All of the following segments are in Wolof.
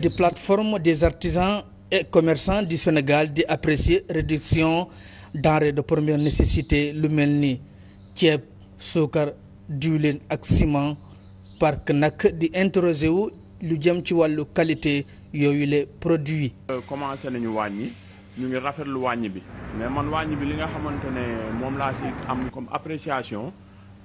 des plateformes des artisans et commerçants du Sénégal di apprécier réduction denrées de première nécessité lu mel ni ceeb suukar diwlin ak ciment park nag di interroger wu lu jëm ci wàllu qualité yooyu le produits. Euh, commencé nañu wàññi ñu ngi rafetlu wàññi bi mais man wàññi bi li nga xamante ne moom laa ci am comme appréciation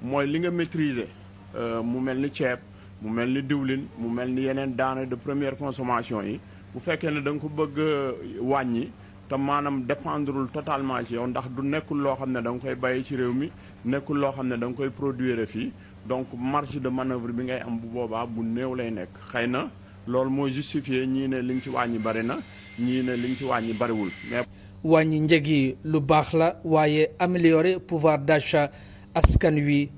mooy li nga maîtriser euh, mu mel ni ceeb. mu mel ni diwlin mu mel ni yeneen daane de première consommation yi bu fekkee ne da ko bëgg euh, wàññi te maanaam dépendrul totalement ci ndax du nekkul loo xam ne da koy bàyyi ci réew mi nekkul loo xam ne da nga koy produire fii donc marge de maneuvre bi ngay am bu boobaa bu néew lay nekk xëy na loolu moo justifié ñii ne li nga ci wàññi bari na ñii ne li nga ci wàññi bariwul wàññi njëg yi lu baax la waaye améliorer pouvoir d'achat askan wi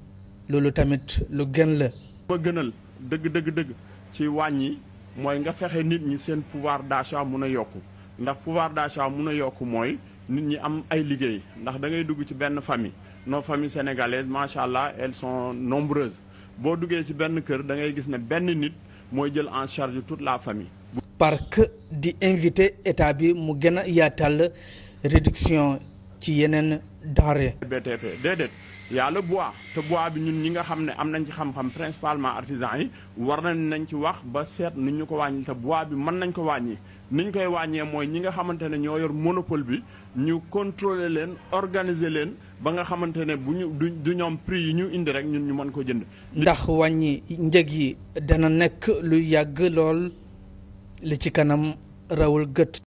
loolu tamit lu gën la. ba gënal dëgg dëgg dëgg ci wàññi mooy nga fexe nit ñi seen pouvoir d'achat mun a yokku ndax pouvoir d'achat mun a yokku mooy nit ñi am ay liggéey ndax da ngay dugg ci benn famille nos famille sénégalaises macha allah elles sont nombreuses boo duggee ci benn kër da ngay gis ne benn nit mooy jël en charge tout la famille. parc di invité état bi mu gën a yaatal réduction ci yeneen denrée BTP déedéet yàlla bois te bois bi ñun ñi nga xam ne am nañ ci xam-xam principalement artisan yi war nañ nañ ci wax ba seet nu ñu ko wàññi te bois bi mën nañ ko wàññi ni ñu koy wàññee mooy ñi nga xamante ne ñoo yor monopole bi ñu contrôler leen organiser leen ba nga xamante ne bu ñu du du ñoom pris yi ñu indi rek ñun ñu mën ko jënd. ndax wàññi njëg yi dana nekk lu yàgg lool li ci kanam rawul gët.